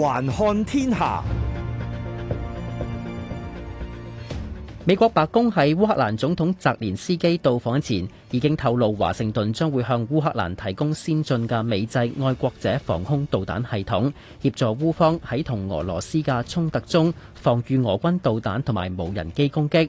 環看天下，美國白宮喺烏克蘭總統澤連斯基到訪前，已經透露華盛頓將會向烏克蘭提供先進嘅美製愛國者防空導彈系統，協助烏方喺同俄羅斯嘅衝突中防禦俄軍導彈同埋無人機攻擊。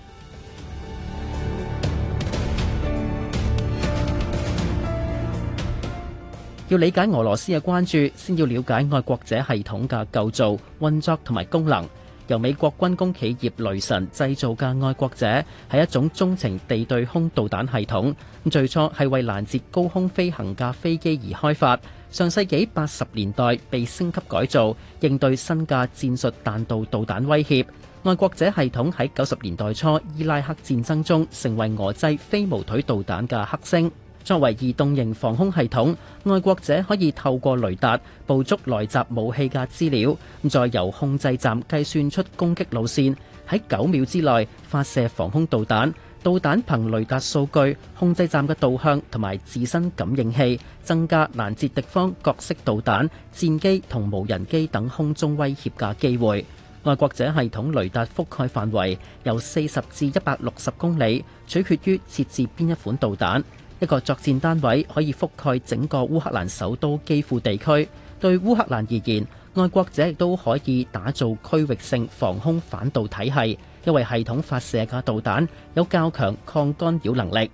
要理解俄羅斯嘅關注，先要了解愛國者系統嘅構造、運作同埋功能。由美國軍工企業雷神製造嘅愛國者係一種中程地對空導彈系統。咁最初係為攔截高空飛行嘅飛機而開發，上世紀八十年代被升級改造，應對新嘅戰術彈道導彈威脅。愛國者系統喺九十年代初伊拉克戰爭中，成為俄製飛毛腿導彈嘅剋星。作為移動型防空系統，愛國者可以透過雷達捕捉來襲武器嘅資料，咁再由控制站計算出攻擊路線，喺九秒之內發射防空導彈。導彈憑雷達數據、控制站嘅導向同埋自身感應器，增加攔截敵方各式導彈、戰機同無人機等空中威脅嘅機會。愛國者系統雷達覆蓋範圍由四十至一百六十公里，取決於設置邊一款導彈。一個作戰單位可以覆蓋整個烏克蘭首都基輔地區。對烏克蘭而言，愛國者亦都可以打造區域性防空反導體系，因為系統發射嘅導彈有較強抗干擾能力。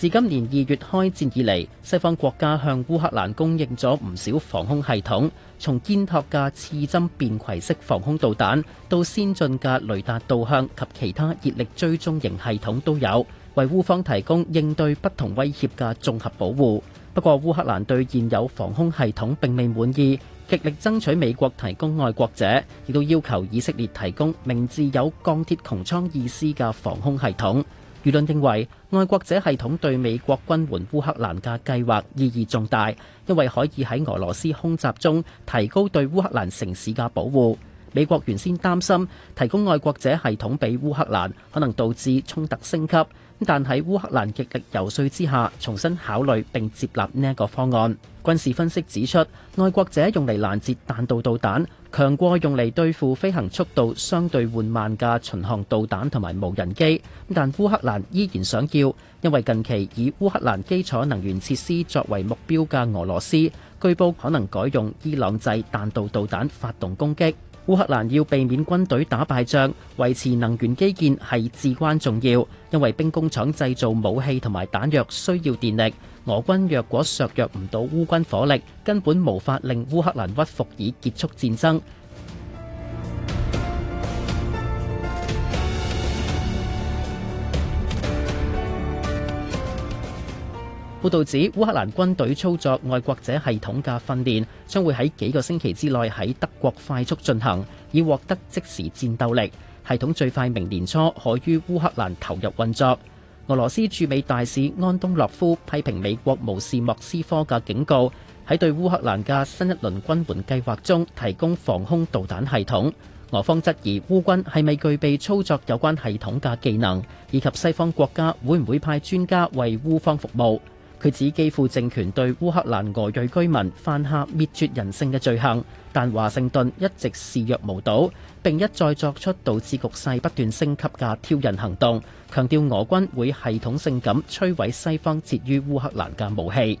自今年二月開戰以嚟，西方國家向烏克蘭供應咗唔少防空系統，從肩托架刺針便攜式防空導彈到先進嘅雷達導向及其他熱力追蹤型系統都有，為烏方提供應對不同威脅嘅綜合保護。不過烏克蘭對現有防空系統並未滿意，極力爭取美國提供愛國者，亦都要求以色列提供名字有鋼鐵穹蒼意思嘅防空系統。輿論認為，愛國者系統對美國軍援烏克蘭嘅計劃意義重大，因為可以喺俄羅斯空襲中提高對烏克蘭城市嘅保護。美國原先擔心提供愛國者系統俾烏克蘭，可能導致衝突升級。咁但喺烏克蘭極力游說之下，重新考慮並接納呢一個方案。軍事分析指出，愛國者用嚟攔截彈道導彈，強過用嚟對付飛行速度相對緩慢嘅巡航導彈同埋無人機。咁但烏克蘭依然想要，因為近期以烏克蘭基礎能源設施作為目標嘅俄羅斯，據報可能改用伊朗製彈道導彈發動攻擊。烏克蘭要避免軍隊打敗仗，維持能源基建係至關重要，因為兵工廠製造武器同埋彈藥需要電力。俄軍若果削弱唔到烏軍火力，根本無法令烏克蘭屈服以結束戰爭。報道指，烏克蘭軍隊操作愛國者系統的訓練，將會在幾個星期之內在德國快速進行，以獲得即時戰鬥力，系統最快明年初可於烏克蘭投入運作。俄羅斯駐美大使安東洛夫批評美國無視莫斯科的警告，在對烏克蘭的新一輪軍援計劃中提供防空導彈系統。俄方質疑烏軍係咪具備操作有關系統的技能，以及西方國家會不會派專家為烏方服務。佢指基輔政權對烏克蘭俄裔居民犯下滅絕人性嘅罪行，但華盛頓一直視若無睹，並一再作出導致局勢不斷升級嘅挑釁行動，強調俄軍會系統性咁摧毀西方設於烏克蘭嘅武器。